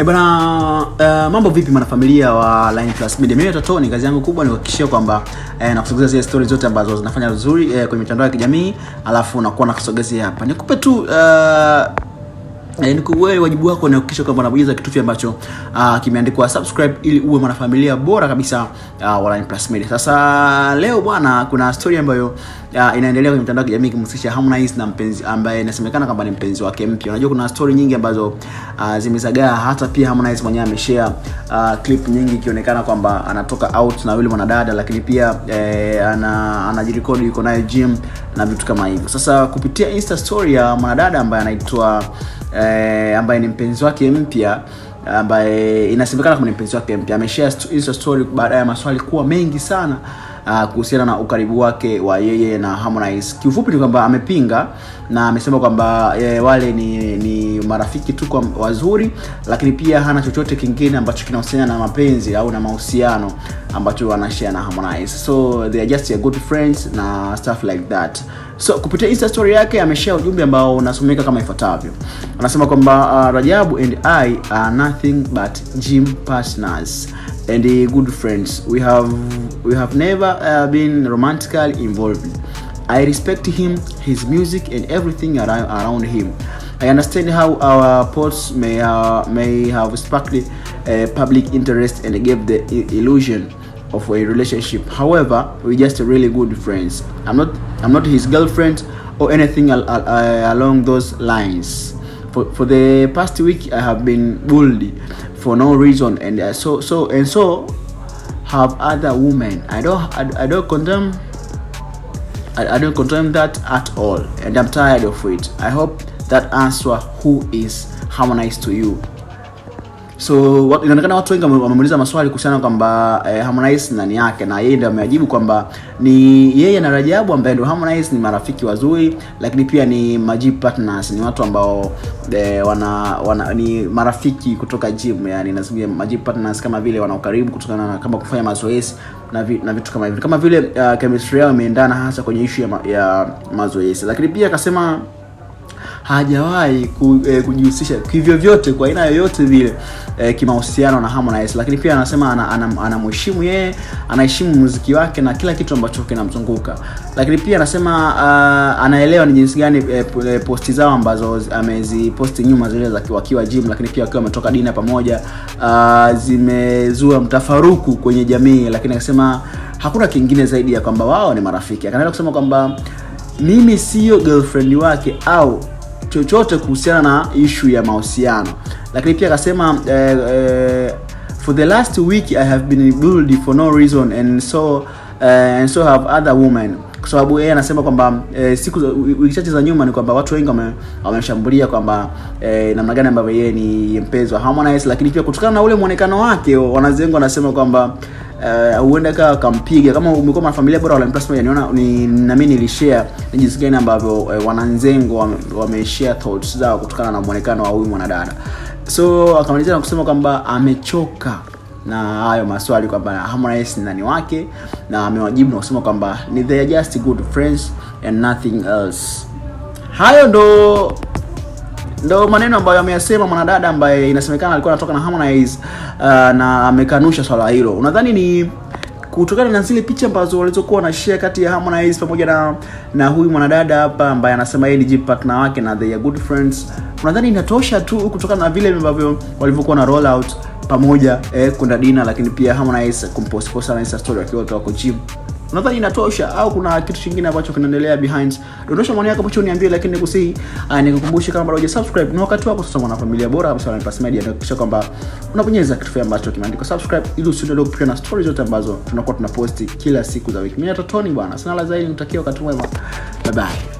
E bwana, uh, mambo vipi mwanafamilia wa Line Plus Media? Mimi ni kazi yangu kubwa ni kuhakikishia kwamba eh, kusogeza zile stories zote ambazo zinafanya vizuri eh, kwenye mitandao ya kijamii, alafu unakuwa nakusogezea hapa. Nikupe tu uh, ni wewe wajibu wako ni kuhakikisha kwamba unabonyeza kitufe ambacho uh, kimeandikwa subscribe ili uwe mwanafamilia bora kabisa uh, wa Line Plus Media. Sasa leo bwana, kuna story ambayo uh, inaendelea kwenye mtandao wa kijamii kumhusisha Harmonize na mpenzi ambaye inasemekana kwamba ni mpenzi wake mpya. Unajua kuna story nyingi ambazo uh, zimezagaa, hata pia Harmonize mwenyewe ameshare uh, clip nyingi ikionekana kwamba anatoka out na yule mwanadada, lakini pia eh, ana anajirekodi yuko naye gym na vitu kama hivyo. Sasa kupitia Insta story ya mwanadada ambaye anaitwa eh, ambaye ni mpenzi wake mpya ambaye inasemekana kama ni mpenzi wake mpya ameshare hizo story baada ya maswali kuwa mengi sana uh, kuhusiana na ukaribu wake wa yeye na Harmonize. Kiufupi ni kwamba amepinga na amesema kwamba eh, wale ni, ni marafiki tu kwa wazuri, lakini pia hana chochote kingine ambacho kinahusiana na mapenzi au na mahusiano ambacho wanashare na Harmonize. So they are just a good friends na stuff like that. So kupitia Insta story yake ameshare ujumbe ambao unasomeka kama ifuatavyo. Anasema kwamba uh, ah, Rajabu and I are nothing but gym partners and good friends. We have we have never uh, been romantically involved. I respect him, his music, and everything around, around him. I understand how our posts may uh, may have sparked uh, public interest and gave the illusion of a relationship. However, we're just really good friends. I'm not I'm not his girlfriend or anything al- al- al- uh, along those lines. For, for the past week, I have been bullied for no reason and uh, so so and so have other women i don't i, I don't condemn I, I don't condemn that at all and i'm tired of it i hope that answer who is harmonized to you So inaonekana watu wengi wamemuuliza maswali kuhusiana kwamba eh, Harmonize nani yake, na yeye ndiye amewajibu kwamba ni yeye na Rajabu ambaye ndio Harmonize ni marafiki wazuri, lakini pia ni maji partners, ni watu ambao eh, wana, wana ni marafiki kutoka gym, yani nazungumzia maji partners kama vile wana ukaribu kutokana na kama kufanya mazoezi na, vi, na vitu kama hivyo, kama vile uh, chemistry yao imeendana hasa kwenye issue ya, ma, ya mazoezi, lakini pia akasema hajawahi ku, eh, kujihusisha kivyovyote kwa aina yoyote vile eh, kimahusiano na Harmonize, lakini pia anasema anamheshimu ana, ana yeye anaheshimu muziki wake na kila kitu ambacho kinamzunguka, lakini pia anasema uh, anaelewa ni jinsi gani eh, eh posti zao ambazo ameziposti nyuma zile za wakiwa gym, lakini pia wakiwa wametoka dina pamoja uh, zimezua mtafaruku kwenye jamii, lakini akasema hakuna kingine zaidi ya kwamba wao ni marafiki. Akaendelea kusema kwamba mimi sio girlfriend wake au chochote kuhusiana na ishu ya mahusiano, lakini pia akasema uh, uh, for the last week I have been bulled for no reason and so uh, and so have other women kwa sababu yeye anasema kwamba e, siku wiki chache za nyuma ni kwamba watu wengi wameshambulia kwamba e, namna gani ambavyo yeye ni mpenzi wa Harmonize, lakini pia kutokana na ule mwonekano wake wanazengo wanasema kwamba Eh, huenda kawa kampiga kama umekuwa mwanafamilia bora wa Line Plus Niona ni nami nilishare ni jinsi gani ambavyo eh, wananzengo wameshare thoughts zao kutokana na muonekano wa huyu mwanadada, so akamaliza na kusema kwamba amechoka na hayo maswali kwamba Harmonize ni nani wake, na amewajibu na kusema kwamba ni they are just good friends and nothing else. Hayo ndo Ndo maneno ambayo ameyasema mwanadada ambaye inasemekana alikuwa anatoka na Harmonize uh, na amekanusha swala hilo. Unadhani ni kutokana na zile picha ambazo walizokuwa na share kati ya Harmonize pamoja na na huyu mwanadada hapa ambaye anasema yeye ni G partner wake na they are good friends. Unadhani inatosha tu kutokana na vile ambavyo walivyokuwa na roll out pamoja eh, kuna dina lakini pia Harmonize kumpost post na Insta story wakiwa kwa gym. Unadhani inatosha au kuna kitu kingine ambacho kinaendelea behind? Dondosha maoni yako hapo niambie, lakini nikusihi uh, nikukumbushe kama bado subscribe ni wakati wako sasa, familia bora hapa sana Plus Media, ndio kwamba unabonyeza kitu ambacho kimeandikwa subscribe ili usiendelee kupitwa na stories zote ambazo tunakuwa tunaposti kila siku za wiki. Mimi natatoni bwana, sina la zaidi, nitakio wakati mwema. Bye bye.